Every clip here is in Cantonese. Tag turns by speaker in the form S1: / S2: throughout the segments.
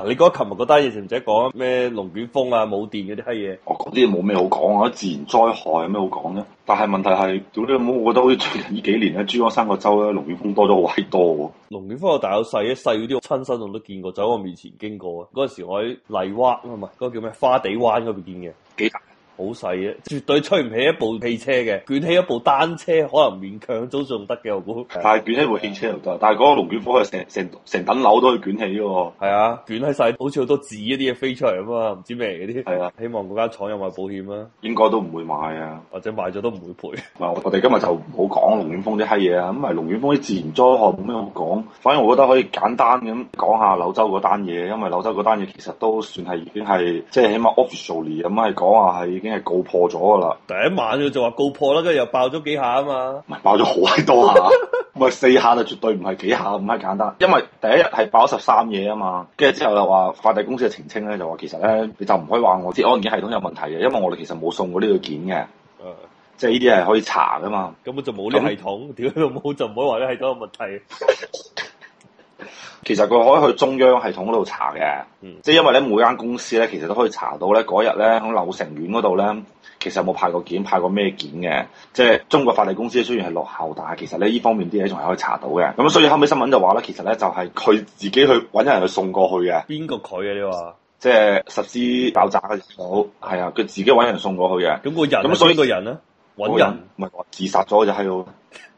S1: 啊、你覺得琴日嗰單嘢，前仔講咩龍捲風啊、冇電嗰啲閪嘢，哦，嗰啲冇咩好講啊！自然災害有咩好講咧？但係問題係，總之冇，我覺得好似
S2: 最近呢幾年咧，珠江三角洲咧，龍捲風多咗好閪多。
S1: 龍捲風我大有細，細嗰啲我親身我都見過，走喺我面前經過啊！嗰陣時我喺泥灣唔係嗰個叫咩花地灣嗰邊見嘅，幾好細嘅，絕對吹唔起一部汽車嘅，捲起一部單車可能勉強都仲得嘅。我估，但係捲起部汽車又得，但係嗰個龍捲風
S2: 係成成成棟樓都可以捲
S1: 起喎。係啊，捲起晒，好似好多紙一啲嘢飛出嚟啊嘛，唔知咩嗰啲。係啊，希望嗰間廠有買保險啦，啊。應該都唔會買啊，或者買咗都唔會賠。唔係，我哋今日就唔好講
S2: 龍捲風啲閪嘢啊，咁咪龍捲風啲自然災害冇咩好講。反而我覺得可以簡單咁講下柳州嗰單嘢，因為柳州嗰單嘢其實都算係已經係即係起碼 officially 咁係講下係已經。係告破咗噶啦！
S1: 第一晚佢就話告破啦，跟住又爆咗幾下啊嘛，係爆咗好閪多下，
S2: 唔 四下就絕對唔係幾下咁閪簡單。因為第一日係爆咗十三嘢啊嘛，跟住之後又話快遞公司嘅澄清咧，就話其實咧你就唔可以話我知安檢系統有問題嘅，因為我哋其實冇送過呢個件嘅，誒， 即係呢啲係可以查噶嘛。
S1: 根本就冇呢個系統，點解冇就唔可以話呢系統有問題？
S2: 其實佢可以去中央系統嗰度查嘅，即係、嗯、因為咧每間公司咧其實都可以查到咧嗰日咧喺柳城縣嗰度咧，其實有冇派過件，派過咩件嘅？即係中國快遞公司雖然係落後，但係其實咧呢方面啲嘢仲係可以查到嘅。咁所以後尾新聞就話咧，其實咧就係佢自己去搵人去送過去嘅。
S1: 邊個佢啊？你話
S2: 即係實施爆炸嘅時候係啊？佢自己搵人送過去嘅。咁個人咁所以個人咧
S1: 搵人唔係
S2: 自殺咗就喺度。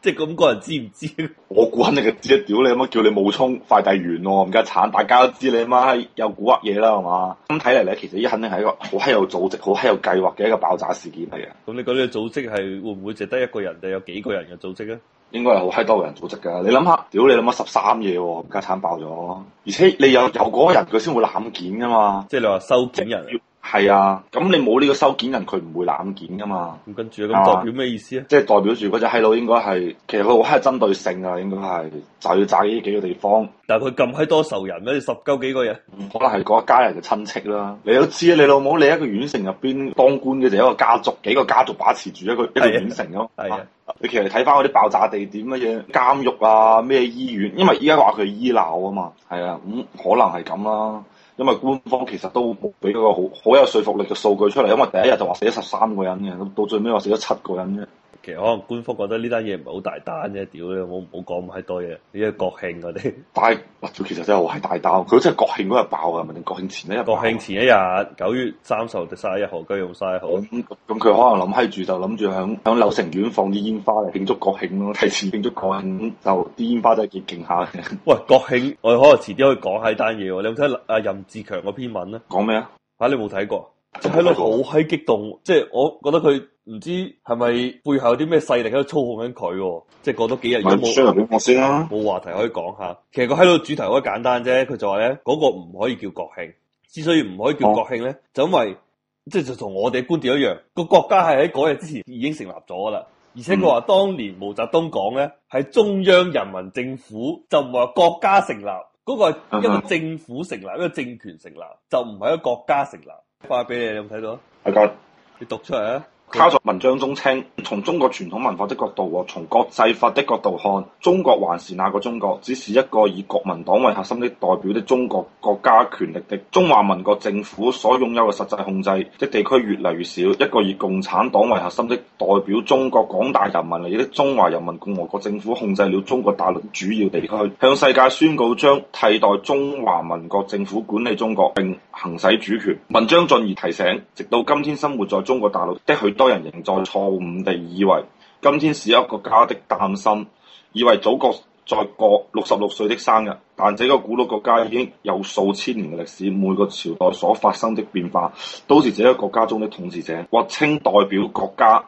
S1: 即係咁個人知唔知？
S2: 我估肯定佢知啊！屌你，乜叫你冒充快遞員喎？冚家鏟，大家都知你媽又蠱惑嘢啦，係嘛？咁睇嚟咧，其實呢肯定係一個好閪有組織、好閪有計劃嘅一個爆炸事件嚟嘅。
S1: 咁你講呢個組織係會唔會只得一個人定有幾個人嘅組織咧？應該係好閪多人組織噶。你諗下，屌你諗下十三嘢，冚家鏟爆咗。而
S2: 且你有有嗰個人，佢先會攬件噶嘛？即係
S1: 你話收件人。
S2: 係啊，咁你冇呢個收件人，佢唔會攬件噶嘛。咁
S1: 跟住，咁吧代表
S2: 咩意思咧？即係代表住嗰隻閪佬應該係，其實佢好係針對性啊，應該係就要炸呢幾個地方。
S1: 但係佢咁閪多仇人，嗰十鳩幾個人，可能係嗰一家人嘅親戚啦。
S2: 你都知啊，你老母，你一個縣城入邊當官嘅就一個家族，幾個家族把持住一個、啊、一個縣城咯。係啊，啊，啊，你其實睇翻嗰啲爆炸地點乜嘢監獄啊、咩醫院，因為依家話佢係醫鬧啊嘛。係啊，咁、嗯嗯、可能係咁啦。因為官方其實都冇俾一個好有說服力嘅數據出嚟，因為第一日就話死咗十三個人嘅，到最尾話死咗七個人啫。
S1: 其實可能官方覺得呢單嘢唔係好大單啫，屌咧，我唔好講咁閪多嘢。呢個國慶嗰啲，但係，其實真係好係大單。佢真係國慶嗰日爆，係咪定國慶前一，慶前一日？國慶前一日，九月三十號就十一號，居然用十一號。咁佢、嗯嗯、可能諗喺
S2: 住，就諗住響響柳城苑放啲煙花嚟慶祝國慶咯，提
S1: 前慶祝國慶，就啲煙花真係幾勁下嘅。 喂，國慶我哋可能遲啲可以講下呢單嘢。你有冇睇阿任志強嗰篇文咧？講咩啊？吓，你冇睇過？喺度好閪激動，即係我覺得佢唔知係咪背後有啲咩勢力喺度操控緊佢，即係過多幾日如果冇，我先 冇話題可以講下。其實佢喺度主題好簡單啫，佢就話咧嗰個唔可以叫國慶，之所以唔可以叫國慶咧，就因為即係就同我哋觀點一樣，個國家係喺嗰日之前已經成立咗噶啦。而且佢話當年毛澤東講咧，係中央人民政府就唔話國家成立，嗰個係因為政府成立，因為政權成立，就唔係一個國家成立。發俾你，你有冇睇到啊？
S2: 阿哥，你讀出嚟啊！他在文章中稱，從中國傳統文化的角度和從國際法的角度看，中國還是那個中國，只是一個以國民黨為核心的代表的中國國家權力的中華民國政府所擁有嘅實際控制的地區越嚟越少；一個以共產黨為核心的代表中國廣大人民利益的中華人民共和國政府控制了中國大陸主要地區，向世界宣告將替代中華民國政府管理中國並行使主權。文章進而提醒，直到今天生活在中國大陸的許多多人仍在錯誤地以為今天是一個國家的誕生，以為祖國在過六十六歲的生日。但這個古老國家已經有數千年的歷史，每個朝代所發生的變化，都是這個國家中的統治者或稱代表國家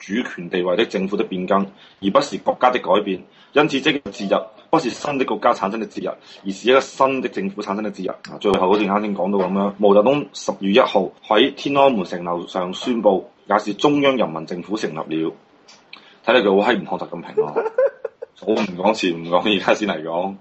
S2: 主權地位的政府的變更，而不是國家的改變。因此，這個節日不是新的國家產生的節日，而是一個新的政府產生的節日。啊，最後好似啱先講到咁樣，毛澤東十月一號喺天安門城樓上宣佈，也是中央人民政府成立了。睇嚟佢好閪唔康，習近平咯、啊。 我唔講前，唔講，而家先嚟講。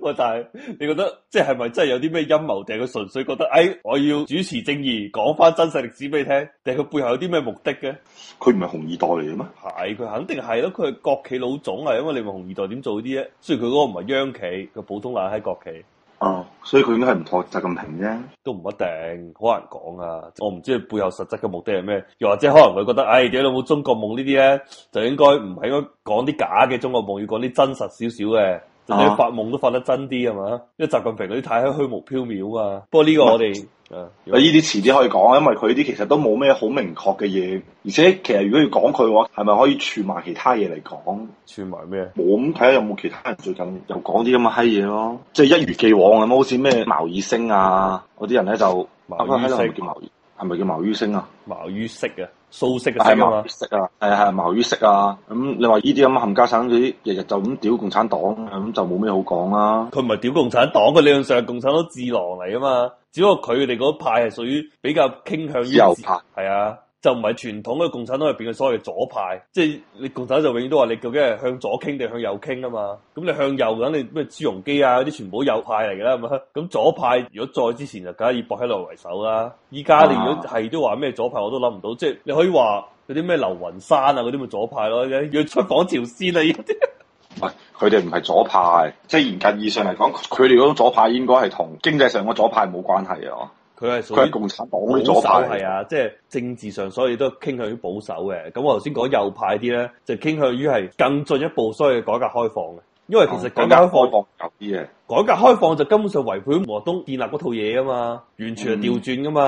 S1: 喂，但係你覺得，即係係咪真係有啲咩陰謀？定係佢純粹覺得，哎，我要主持正義，講翻真實歷史俾你聽。定係佢背後有啲咩目的嘅？佢唔係紅二代嚟嘅咩？係，佢肯定係咯。佢係國企老總啊，因為你問紅二代點做啲嘢，雖然佢嗰個唔係央企，佢普通爛喺國企。哦，所以佢應該係唔妥習近平啫，都唔一定，好難講啊。我唔知佢背後實質嘅目的係咩，又或者可能佢覺得，唉、哎，點解有冇中國夢呢啲咧，就應該唔係應該講啲假嘅中國夢，要講啲真實少少嘅。你至發夢都發得真啲係嘛，因為習近平嗰啲太虛無縹緲啊。不過呢個我哋，誒是，呢
S2: 啲，啊，遲啲可以講啊，因為佢啲其實都冇咩好明確嘅嘢。而且其實如果要講佢嘅話，係咪可以串埋其他嘢嚟講？串埋咩？冇。咁睇下有冇其他人最近又講啲咁嘅閪嘢咯，即，就，係，是，一如既往咁好似咩茅以升啊嗰啲人咧就，茅以升係咪叫茅？係咪叫茅于升啊？茅于息啊！素色嘅茅啊，色啊嗎，係啊嗎，茅于軾啊。咁、嗯、你話呢啲咁嘅冚家
S1: 產嗰啲，日日就咁屌共產黨，咁就冇咩好講啦、啊。佢唔係屌共產黨，佢理論上係共產黨智囊嚟啊嘛。只不過佢哋嗰派係屬於比較傾向於右派，係啊。就唔係傳統嘅共產黨入邊嘅所謂左派，即係你共產黨就永遠都話你究竟係向左傾定向右傾啊嘛？咁你向右，肯定你咩朱鎔基啊啲全部好右派嚟噶啦，咁左派如果再之前就梗係以薄熙來為首啦。依家你如果係都話咩左派，我都諗唔到，啊、即係你可以話嗰啲咩劉雲山啊嗰啲咪左派咯，要出訪朝鮮啦、啊、啲。
S2: 唔係，佢哋唔係左派，即係嚴格意義上嚟講，佢哋嗰種左派應該係
S1: 同經濟上嘅左派冇關係嘅。佢係屬於共產黨保守係啊，即係政治上，所以都傾向於保守嘅。咁我頭先講右派啲咧，就傾向於係更進一步，所以改革開放嘅。因為其實改革開放、啊、改革開放有啲嘢，改革開放就根本上違背咗毛澤東建立嗰套嘢啊嘛，完全係調轉噶嘛。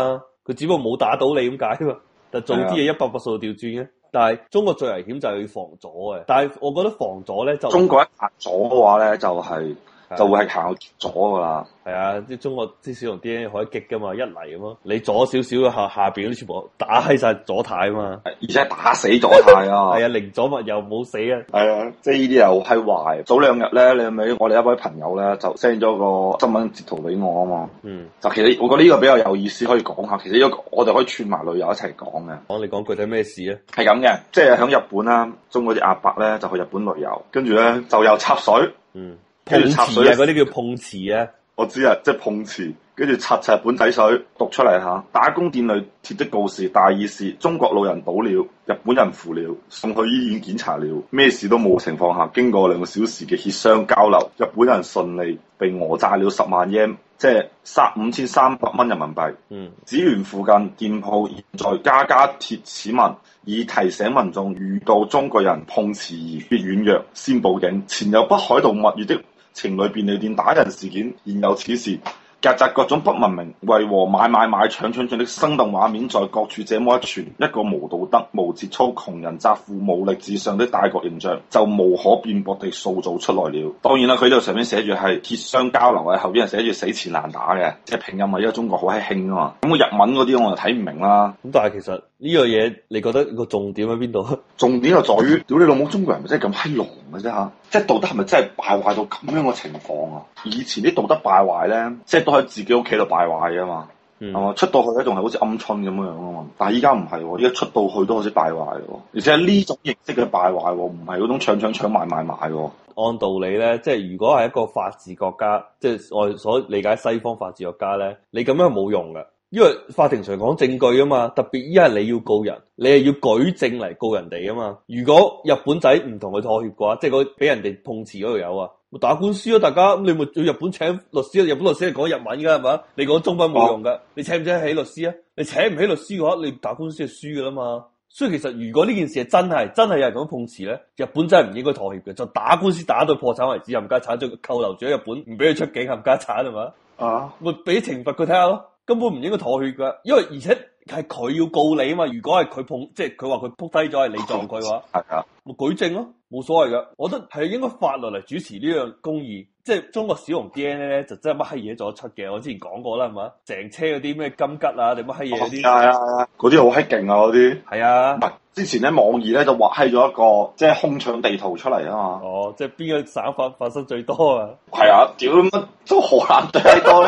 S1: 佢、嗯、只不過冇打倒你點解啊嘛，但做啲嘢一百八十度調轉嘅。的但係中國最危險就係防左嘅，但係我覺得防左咧就中國一左咗嘅話咧就係、是。就會係靠咗噶啦，係啊！啲中國啲小龍 DNA 可以激噶嘛，一嚟咁咯，你咗少少下下邊都全部打喺晒咗太嘛，而且打死咗太啊！係 啊，零咗物又冇死啊！係啊，
S2: 即係呢啲又係壞。早兩日咧，你係咪我哋一位朋友咧就 send 咗個新聞截圖俾我啊嘛，嗯，就其實我覺得呢個比較有意思，可以講下。其實呢個我哋可以串埋旅遊一齊講嘅。講，你講具體咩事啊？係咁嘅，即係喺日本啦，中國啲阿伯咧就去日本旅遊，跟住咧就又插水，嗯。
S1: 碰瓷啊！嗰啲叫
S2: 碰瓷啊！我知啊，即係碰瓷，跟住插擦本仔水讀出嚟吓。打工店裏貼的告示大意是：中國老人倒了，日本人扶了，送去醫院檢查了，咩事都冇情況下，經過兩個小時嘅協商交流，日本人順利被訛詐了十萬 yen，即係殺五千三百蚊人民幣。嗯。紫園附近店鋪，現在家家貼此文，以提醒民眾遇到中國人碰瓷而別軟弱，先報警。前有北海道墨魚的。情侶便利店打人事件現有此事。夾雜各種不文明、為和買買買、搶搶搶的生動畫面，在各處這麼一串，一個無道德、無節操、窮人砸富、無力至上的大國形象，就無可辯駁地塑造出來了。當然啦，佢又上面寫住係鐵商交流嘅，後邊又寫住死纏爛打嘅，即係拼音啊，因為中國好閪興啊嘛。咁、嗯、日文嗰啲我就睇唔明啦。咁但係其實呢個嘢，你覺得個重點喺邊度？重點就在於，屌你老母，中國人咪真係咁閪狼嘅啫嚇？即係道德係咪真係敗壞到咁樣嘅情況啊？以前啲道德敗壞咧，即係喺自己屋企度敗壞啊嘛，係嘛、嗯？出到去咧仲係好似鵪鶉咁樣樣啊嘛，但係依家唔係喎，依家出到去都好似敗壞喎、哦，而且呢種形式嘅敗壞喎、哦，唔係嗰種搶搶搶搶
S1: 買買買喎、哦。按道理咧，即係如果係一個法治國家，即係我所理解西方法治國家咧，你咁樣冇用㗎，因為法庭上講證據啊嘛，特別依係你要告人，你係要舉證嚟告人哋啊嘛。如果日本仔唔同佢妥協嘅話，即係佢俾人哋碰瓷嗰度有啊。打官司啊，大家你咪要日本請律師啊？日本律師係講日文噶係嘛？你講中文冇用噶、啊。你請唔請得起律師啊？你請唔起律師嘅話，你打官司係輸噶啦嘛。所以其實如果呢件事係真係，真係有人咁碰瓷呢，日本真係唔應該妥協嘅，就打官司打到破產為止，冚家產就扣留住日本，唔俾佢出境，冚家產係嘛？是吧啊，咪俾懲罰佢睇下咯。根本唔應該妥協嘅，因為而且係佢要告你啊嘛。如果係佢碰，即係佢話佢撲低咗係你撞佢嘅話，係啊的，舉證咯，冇所謂嘅。我覺得係應該法律嚟主持呢樣公義，即係中國小紅 DNA 咧就真係乜閪嘢做得出嘅。我之前講過啦，係嘛，成車嗰啲咩金桔啊，定乜閪嘢嗰啲，係啊，
S2: 嗰啲好閪勁啊，嗰啲係啊。唔係的之前咧網易咧就畫閪咗一個即係、就是、空場地圖出嚟啊嘛。
S1: 哦，即係邊個省發發生最多啊？
S2: 係啊的，屌乜都河南最多。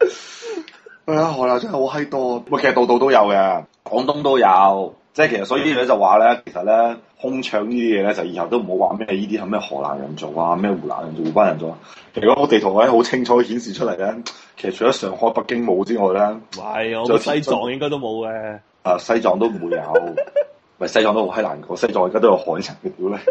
S2: 哎呀，河南真係好閪多，咪其實度度都有嘅，廣東都有，即係其實所以咧就話咧，其實咧空腸呢啲嘢咧，就以後都唔好話咩呢啲係咩河南人做啊，咩湖南人做，湖北人做？啊？其實嗰個地圖咧好清楚顯示出嚟咧，其實除咗上海、北京冇之外咧，
S1: 係我西藏應該都冇嘅。
S2: 啊，西藏都唔會有，咪 西藏都好閪難講，西藏而家都有海產嘅表咧。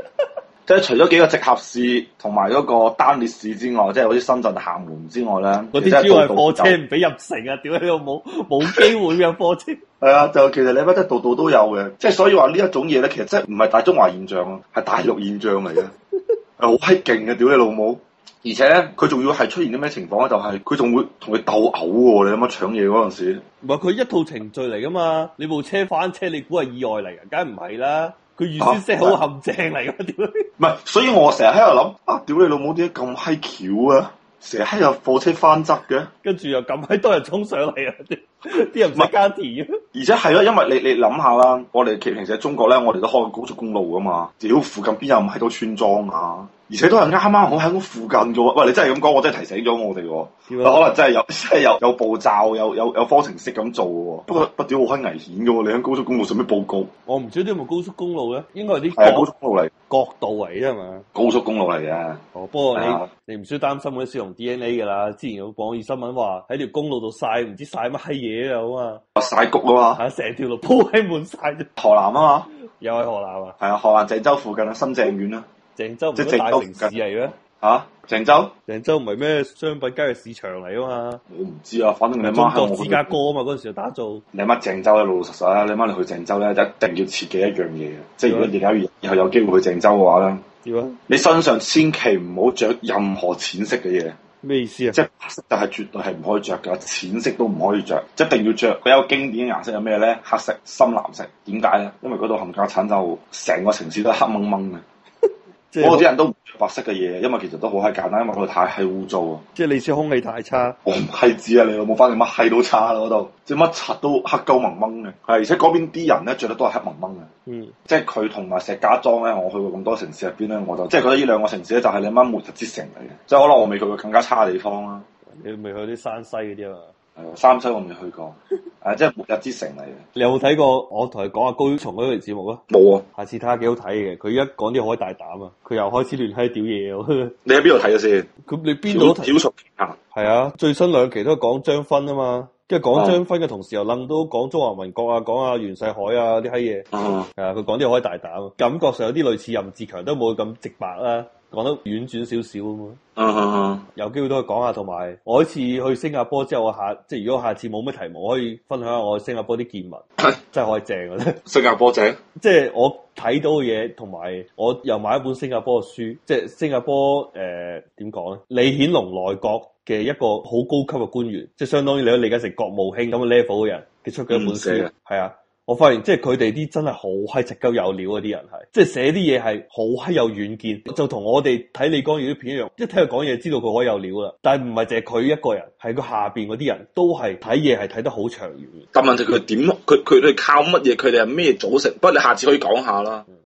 S2: 即係除咗幾個直轄市同埋嗰個單列市之外，即係好似深圳、廈門之外咧，
S1: 即係都係貨車唔俾入城啊！屌你老母，冇機會嘅貨車。係啊，
S2: 就其實你乜都度度都有嘅，即係所以話呢一種嘢咧，其實真唔係大中華現象啊，係大陸現象嚟嘅，好閪勁嘅！屌你老母，而且咧，佢仲要係出現啲咩情況咧？就係佢仲會同佢鬥毆喎！你諗下搶嘢嗰陣時，
S1: 唔係佢一套程序嚟噶嘛？你部車翻車，你估係意外嚟嘅？梗係唔係啦。佢預先 set 好陷阱嚟㗎，屌、啊！
S2: 唔係， 所以我成日喺度諗啊，屌你老母點解咁閪巧啊！成日喺度貨車
S1: 翻側嘅，跟住又咁閪多衝 人衝上嚟啊！啲人唔係家田嘅，而且係
S2: 咯、啊，因為你你諗下啦，我哋其實喺中國咧，我哋都開過高速公路噶嘛。屌附近邊有唔係都村莊啊？而且都係啱啱好喺附近嘅喎。喂，你真係咁講，我真係提醒咗我哋喎。嗱吧，可能真係有真係有有步驟，有有有方程式咁做喎。不過不屌好閪危險嘅喎，你喺高速公路上咩報告？
S1: 我唔、哦、知啲有冇高速公路咧，應該係啲係高速公路嚟。角度嚟啫嘛，高速公路嚟嘅，哦，不過你的你唔需要擔心嗰啲使用 DNA 噶啦。之前有廣義新聞話喺條公路度曬唔知曬乜嘢啊，好嘛？曬穀啊嘛，成條路鋪喺滿晒。河南啊嘛，又喺河南啊？係 啊，河南鄭州附近啊，新鄭縣啊，鄭州唔係大城市嚟嘅。吓鄭、啊、州，鄭州唔係咩商品街嘅市場嚟啊嘛？我唔知啊，反正你媽係我。打造芝加哥嘛，嗰陣時就打造。
S2: 你媽鄭州咧，老老實實啦！你媽你去鄭州咧，就一定要切記一樣嘢嘅，即係吧如果而家以後有機會去鄭州嘅話咧，要啊吧！你身上千祈唔好着任何淺色嘅嘢。咩意思啊？即係黑色就係絕對係唔可以着嘅，淺色都唔可以着，一定要着。佢有經典嘅顏色係咩咧？黑色、深藍色。點解咧？因為嗰度冚家鏟就成個城市都黑蒙蒙嘅。我啲人都白色嘅嘢，因為其實都好閪簡單，因為佢太係污糟啊！
S1: 即係你啲空氣太差。
S2: 我唔係指啊你，有冇翻你乜閪都差咯，嗰度即係乜柒都黑鳩蒙蒙嘅。係，而且嗰邊啲人咧，着得都係黑蒙蒙嘅。
S1: 嗯，
S2: 即係佢同埋石家莊咧，我去過咁多城市入邊咧，我就即係覺得呢兩個城市咧就係你乜末日之城嚟嘅。即係可能我未去過更加差嘅地方
S1: 啦。你未去啲山西嗰啲啊？三西我未去過，誒、啊，即係末日之城嚟嘅。你有冇睇過我同你講阿高曉松嗰期節目啊？冇啊，下次睇下幾好睇嘅。佢一講啲好大膽啊，佢又開始亂閪屌嘢。 你喺邊度睇嘅先？咁你邊度？屌松啊！係啊，最新兩期都講張勳啊嘛，跟住講張勳嘅同時又諗到講中華民國啊，講阿袁世凱啊啲閪嘢。嗯。誒、啊，佢講啲好大膽啊，感覺上有啲類似任志強，都冇咁直白啦、啊。講得婉轉少少咁咯，uh, 有機會都可以講下，同埋我呢次去新加坡之後，我下即係如果下次冇乜題目，我可以分享下我去新加坡啲見聞，哎、真係可以正嘅咧。新加坡正，即係我睇到嘅嘢，同埋我又買一本新加坡嘅書，即係新加坡誒點講咧？李顯龍內閣嘅一個好高級嘅官員，即係相當於你可以理解成國務卿咁嘅 level 嘅人，佢出嘅一本書，係啊。我發現即係佢哋啲真係好閪直鳩有料嗰啲人係即係寫啲嘢係好閪有遠見，就同我哋睇李光耀啲片一樣，一睇佢講嘢就知道佢可以有料啦。但係唔係淨係佢一個人，係佢下邊嗰啲人都係睇嘢係睇得好長遠。
S2: 但問題佢點？佢佢哋靠乜嘢？佢哋係咩組成？不過你下次可以講下啦。嗯